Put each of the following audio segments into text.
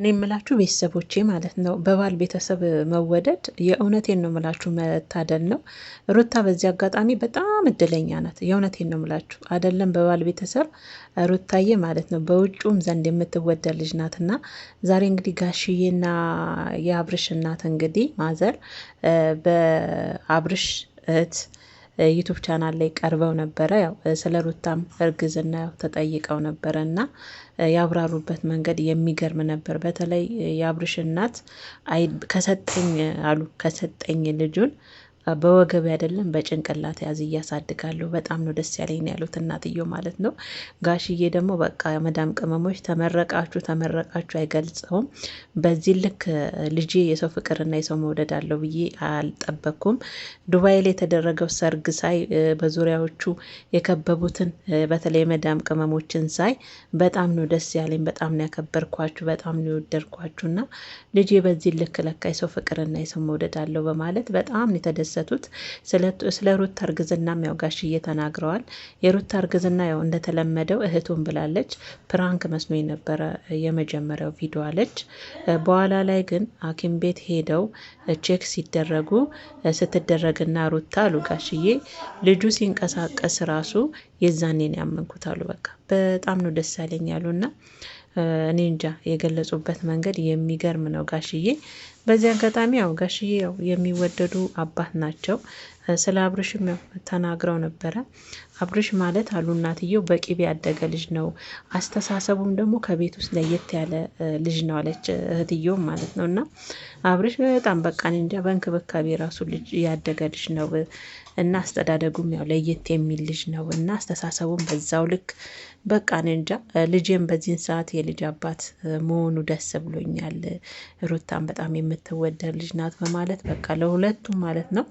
እኔ የምላችሁ ቤተሰቦቼ ማለት ነው። በባል ቤተሰብ መወደድ የእውነቴን ነው የምላችሁ መታደል ነው። ሩታ በዚህ አጋጣሚ በጣም እድለኛ ናት። የእውነቴን ነው የምላችሁ አይደለም በባል ቤተሰብ ሩታዬ ማለት ነው በውጩም ዘንድ የምትወደድ ልጅ ናት እና ዛሬ እንግዲህ ጋሽዬና የአብርሽ እናት እንግዲህ ማዘር በአብርሽ እህት ዩቱብ ቻናል ላይ ቀርበው ነበረ። ያው ስለ ሩታም እርግዝና ያው ተጠይቀው ነበረ እና ያብራሩበት መንገድ የሚገርም ነበር። በተለይ የአብርሽ እናት ከሰጠኝ አሉ ከሰጠኝ ልጁን በወገብ አይደለም በጭንቅላት ያዝ እያሳድጋለሁ። በጣም ነው ደስ ያለኝ ያሉት እናትየው ማለት ነው። ጋሽዬ ደግሞ በቃ መዳም ቅመሞች ተመረቃችሁ ተመረቃችሁ አይገልጸውም። በዚህ ልክ ልጄ የሰው ፍቅርና የሰው መውደድ አለው ብዬ አልጠበኩም። ዱባይ ላይ የተደረገው ሰርግ ሳይ በዙሪያዎቹ የከበቡትን በተለይ መዳም ቅመሞችን ሳይ በጣም ነው ደስ ያለኝ። በጣም ነው ያከበርኳችሁ፣ በጣም ነው የወደድኳችሁና ልጄ በዚህ ልክ ለካ የሰው ፍቅርና የሰው መውደድ አለው በማለት በጣም ነው የተደ የሚደሰቱት። ስለ ሩታ እርግዝናም ያው ጋሽዬ ተናግረዋል። የሩታ እርግዝና ያው እንደተለመደው እህቱን ብላለች። ፕራንክ መስኖ የነበረ የመጀመሪያው ቪዲዮ አለች። በኋላ ላይ ግን ሐኪም ቤት ሄደው ቼክ ሲደረጉ ስትደረግና ሩታ አሉ ጋሽዬ ልጁ ሲንቀሳቀስ ራሱ የዛኔን ያመንኩት አሉ። በቃ በጣም ነው ደስ ያለኝ ያሉና እኔ እንጃ የገለጹበት መንገድ የሚገርም ነው ጋሽዬ። በዚህ አጋጣሚ ያው ጋሽዬ ያው የሚወደዱ አባት ናቸው። ስለ አብርሽም ተናግረው ነበረ። አብርሽ ማለት አሉ እናትየው በቂቤ ያደገ ልጅ ነው፣ አስተሳሰቡም ደግሞ ከቤት ውስጥ ለየት ያለ ልጅ ነው አለች እህትየውም ማለት ነው። እና አብርሽ በጣም በቃ እንጃ በእንክብካቤ ራሱ ልጅ ያደገ ልጅ ነው እና አስተዳደጉም ያው ለየት የሚል ልጅ ነው እና አስተሳሰቡም በዛው ልክ በቃ እንጃ ልጄም በዚህን ሰዓት የልጅ አባት መሆኑ ደስ ብሎኛል፣ ሩታን በጣም የምትወደድ ልጅ ናት በማለት በቃ ለሁለቱም ማለት ነው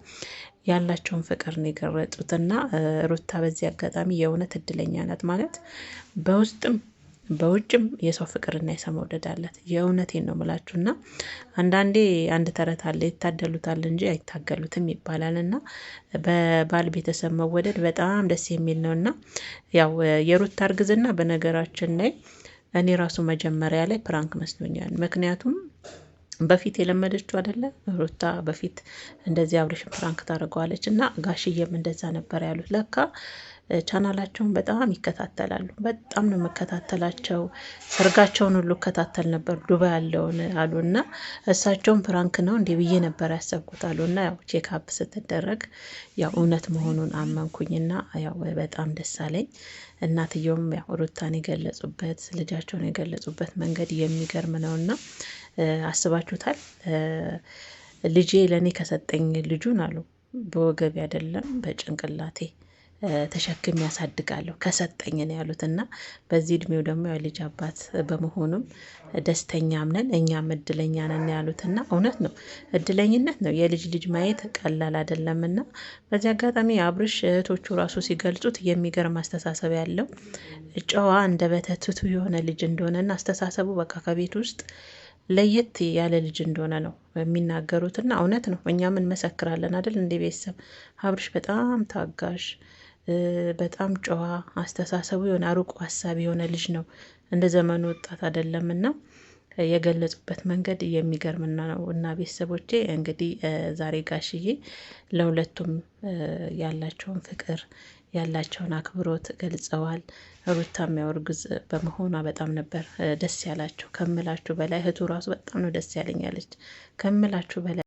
ያላቸውን ፍቅር ነው የገረጡት። እና ሩታ በዚህ አጋጣሚ የእውነት እድለኛ ናት ማለት በውስጥም በውጭም የሰው ፍቅርና የሰው መውደድ አላት። የእውነቴን ነው ምላችሁ እና አንዳንዴ አንድ ተረት አለ ይታደሉታል እንጂ አይታገሉትም ይባላል እና በባል ቤተሰብ መወደድ በጣም ደስ የሚል ነው እና ያው የሩታ እርግዝና በነገራችን ላይ እኔ ራሱ መጀመሪያ ላይ ፕራንክ መስሎኛል። ምክንያቱም በፊት የለመደችው አደለ ሩታ በፊት እንደዚህ አብርሽን ፕራንክ ታደርገዋለች እና ጋሽዬም እንደዛ ነበር ያሉት ለካ ቻናላቸውን በጣም ይከታተላሉ። በጣም ነው የምከታተላቸው። ሰርጋቸውን ሁሉ እከታተል ነበር ዱባይ ያለውን እና እሳቸውን ፕራንክ ነው እንዲህ ብዬ ነበር ያሰብኩት አሉና፣ ያው ቼክአፕ ስትደረግ ያው እውነት መሆኑን አመንኩኝና ያው በጣም ደስ አለኝ። እናትየውም ያው ሩታን የገለጹበት ልጃቸውን የገለጹበት መንገድ የሚገርም ነውና አስባችሁታል። ልጄ ለእኔ ከሰጠኝ ልጁን አሉ በወገቤ አይደለም በጭንቅላቴ ተሸክም ያሳድጋለሁ ከሰጠኝ ነው ያሉት እና በዚህ እድሜው ደግሞ የልጅ አባት በመሆኑም ደስተኛም ነን እኛም እድለኛ ነን ያሉት እና እውነት ነው፣ እድለኝነት ነው። የልጅ ልጅ ማየት ቀላል አይደለም እና በዚህ አጋጣሚ አብርሽ እህቶቹ ራሱ ሲገልጹት የሚገርም አስተሳሰብ ያለው ጨዋ እንደ በተትቱ የሆነ ልጅ እንደሆነና አስተሳሰቡ በቃ ከቤት ውስጥ ለየት ያለ ልጅ እንደሆነ ነው የሚናገሩትና እውነት ነው። እኛም እንመሰክራለን አይደል? እንደ ቤተሰብ አብርሽ በጣም ታጋሽ በጣም ጨዋ አስተሳሰቡ የሆነ አርቆ ሀሳቢ የሆነ ልጅ ነው። እንደ ዘመኑ ወጣት አይደለም እና የገለጹበት መንገድ የሚገርም ነው። እና ቤተሰቦቼ እንግዲህ ዛሬ ጋሽዬ ለሁለቱም ያላቸውን ፍቅር ያላቸውን አክብሮት ገልጸዋል። ሩታ ያው በመሆኗ በጣም ነበር ደስ ያላቸው ከምላችሁ በላይ እህቱ ራሱ በጣም ነው ደስ ያለኛለች ከምላችሁ በላይ